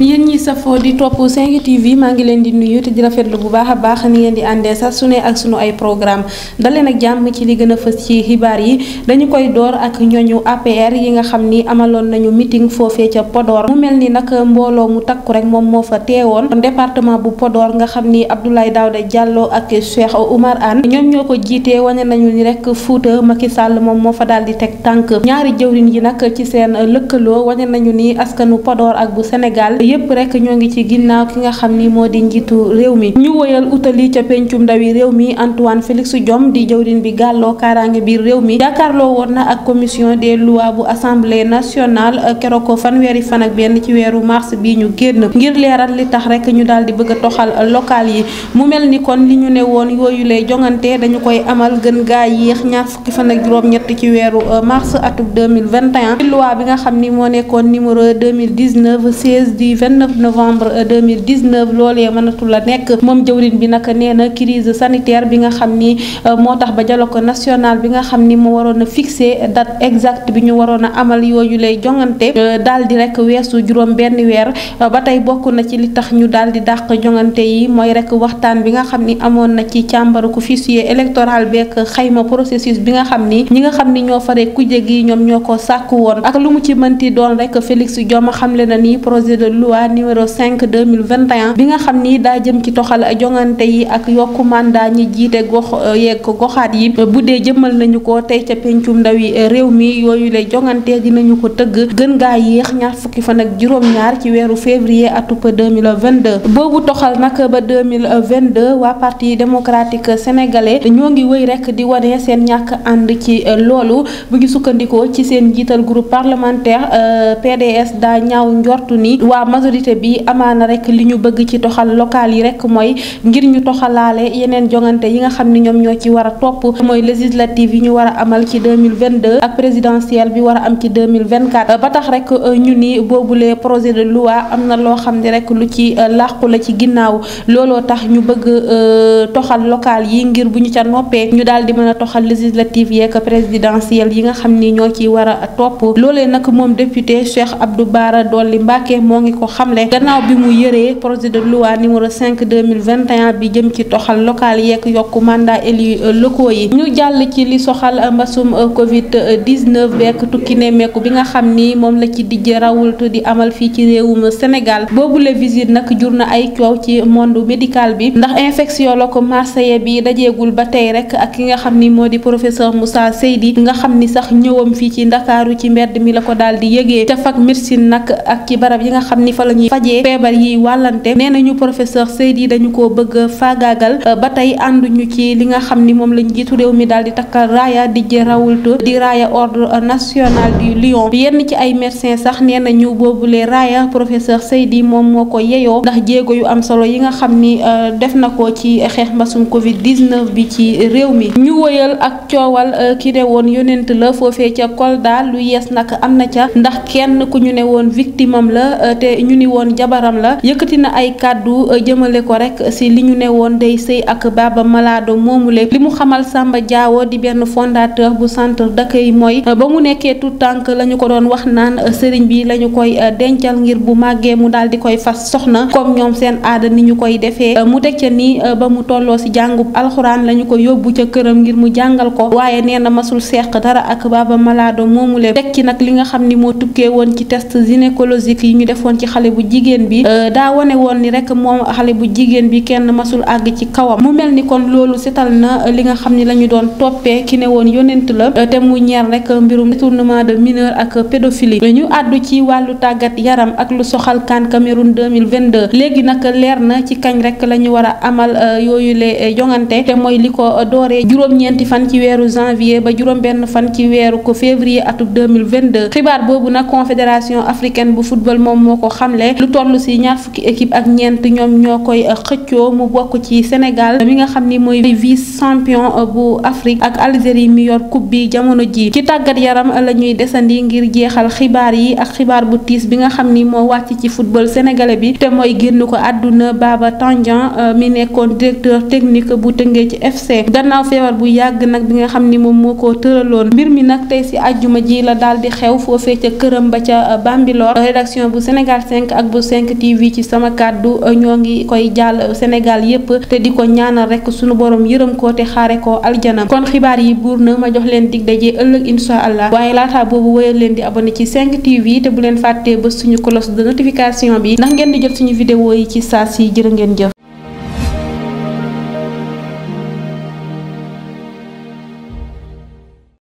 yéen ñi safoo di topp 5 TV maa ngi leen di nuyu te di rafetlu bu baax a baax ni ngeen di àndee sax su ne ak sunu ay programme daleen ak jàmm ci li gën a fës ci xibaar yi dañu koy door ak ñooñu APR yi nga xam ni amaloon nañu mitin foofee ca Podor mu mel ni nag mbooloo mu takku rek moom moo fa teewoon département bu Podor nga xam ni Abdoulaye Daouda jàlloo ak Cheikh Oumar Anne ñoom ñoo ko jiitee wane nañu ni rek Fouta Macky Sall moom moo fa daal di teg tànk ñaari jëwriñ yi nag ci seen lëkkaloo wane nañu ni askanu Podor ak bu Sénégal yépp rek ñoo ngi ci ginnaaw ki nga xam ni moo di njiitu réew mi ñu woyal utali ca pencum ndawi réew mi Antoine Félix Diome di jëwrin bi gàlloo kaaraange biir réew mi jàkkaarloo woon na ak commission des lois bu assemblée nationale euh, keroog ko fanweeri fan ak benn ci weeru mars bii ñu génn ngir leeral li tax rek ñu daal di bëgg a toxal euh, local yi mu mel ni kon li ñu ne woon yooyu lay jongante dañu koy amal gën gaa yéex ñaar fukki fan ak juróom-ñett ci weeru euh, mars atum 2021 ci loi bi xam ni moo nekkoon numéro 2019 16 29 novembre 2019 euh, loolee mënatu la nekk moom jëwrin bi nag nee na crise sanitaire bi nga xam ni euh, moo tax ba ko nationale bi nga xam ni mu waroon a fixé date exacte bi ñu waroon a amal yooyu lay jongante euh, daal di rek weesu juróom benn weer ba tey bokk na ci li tax ñu daal di dàq jongante yi mooy rek waxtaan bi nga xam ni amoon na ci càmbaru ku fichier électoral beek xayma processus bi nga xam ni ñi nga xam ni ñoo fare ku gi ñoom ñoo ko sàkku woon ak lu mu ci mënti doon rek Félix Diome xamle na ni projet de loi waa numéro 5 2021 bi nga xam ni daa jëm ci toxal jongante yi ak yokku mandat ñi jiite gox euh, yeeg goxaat yi bu dee jëmmal nañu ko tey ca pencum ndawi euh, réew mi yooyu lay jongante dinañu ko tëgg gën gaa yéex ñaar fukki fan ak juróom-ñaar ci weeru février atub 2022 boobu toxal nag ba 2022 waa parti démocratique sénégalais ñoo ngi wëy rek di wane seen ñàkk ànd ci euh, loolu bu ngi sukkandikoo ci seen jiital groupe parlementaire PDS daa ñaaw njortu ni waa majorité bi amaana rek li ñu bëgg ci toxal local yi rek mooy ngir ñu toxalaale yeneen jongante yi nga xam ne ñoom ñoo ci war a topp mooy législative yi ñu war a amal ci 2022 ak présidentielle bi war a am ci 2024 ba tax rek euh, ñu ni boobule projet de loi am na loo xam ne rek lu ci euh, làqu la ci ginnaaw looloo tax ñu bëgg euh, toxal local yi ngir bu ñu ca noppee ñu daal di mën a toxal législative yeeg présidentielle yi nga xam ni ñoo ci war a topp loolee nag moom député Cheikh Abdou Bara Dolly Mbacké moo ngi ko xamle gannaaw bi mu yëree projet de loi numéro 5 2021 bi jëm ci toxal local yeek yokku mandat élu euh, locaux yi ñu jàll ci li soxal euh, mbasum euh, covid 19 beek tukki nemmeeku bi nga xam ni moom la ci dijje rawultu di amal fii ci réewum sénégal boobule visite nag jur na ay coow ci monde médical bi ndax infection la ko marseille bi dajeegul ba rek ak ki nga xam ni di professeur moussa seydi nga xam ni sax ñëwam fii ci ndakaaru ci mbedd mi la ko daal te fak médecine nag ak ci barab yi nga xam ni fa la ñuy fajee feebar yi wàllante nee nañu professeur Seydi dañu ko bëgg faagaagal euh, ba tey ànduñu ci li nga xam ni moom la jiitu réew mi daal di takkal raaya di je di raaya ordre national du lion yenn ci ay médecin sax nee nañu boobule raaya professeur Seydi moom moo ko yeyoo ndax jéego yu am solo yi nga xam ni euh, def na ko ci xeex mbasum covid 19 bi ci réew mi ñu woyal ak coowal euh, ki ne woon yonent la foofe ca Kolda lu yees nag am na ca ndax ne woon victime am la ñu ni woon jabaram la yëkkati na ay kàddu euh, jëmale ko rek si li ñu ne woon day sëy ak Baba Malado moomule li mu xamal sàmba Diawo di benn fondateur bu centre d'accueil mooy euh, ba mu nekkee tout tànk la ñu ko doon wax naan euh, sëriñ bi la ñu koy dencal ngir bu màggee mu daal di koy fas soxna comme ñoom seen aada ni ñu koy defee mu teg ca ni ba mu tolloo si jàngub alxuraan la ñu ko yóbbu ca këram ngir mu jàngal ko waaye nee masul seeq dara ak Baba Malado moomule teg nga xam ni moo tukkee woon ci test xale bu jigéen bi euh, daa wane woon ni rek moom xale bu jigéen bi kenn masul àgg ci kawam mu mel ni kon loolu setal na euh, li nga xam ni la ñu doon toppee ki ne woon yonent la euh, te mu ñeer rek mbirum turnement de mineur ak pédophilie ñu àddu ci wàllu tàggat yaram ak lu soxal kan Cameroun 2022 léegi nag leer na ci kañ rek la ñu war a amal yooyu le jongante te mooy li ko dooree juróom-ñeenti fan ci weeru janvier ba juróom-benn fan ci weeru ko février atum 2022 xibaar boobu nag confédération africaine bu football moom moo ko xamle lu toll si ñaar fukki équipe ak ñeent ñoom ñoo koy euh, xëccoo mu bokk ci Sénégal bi nga xam ni mooy vice champion euh, bu Afrique ak Algérie mi yor coupe bi jamono ji ci tàggat yaram la ñuy desandi ngir jeexal xibaar yi ak xibaar bu tiis bi nga xam ni moo wàcc ci football sénégalais bi te mooy génn ko àdduna baaba Tandian euh, mi nekkoon directeur technique bu Teungueth FC gannaaw feebar bu yàgg nag bi nga xam ni moom moo ko tëraloon mbir mi nag tey si àjjuma ji la daal di xew foofee ca këram ba ca Bambilor bu Sénégal 5 ak bu 5 TV ci sama kàddu euh, ñoo ngi koy jàll Sénégal yépp te di ko ñaanal rek sunu borom yërëm ko te xaare ko aljana kon xibaar yi buur na ma jox leen dig daje ëllëg incha allah waaye laata boobu wéyal leen di abonné ci 5 TV te bu leen fàttee ba suñu cloche de notification bi ndax ngeen di jot suñu vidéo yi ci saa si jërë ngeen jëf.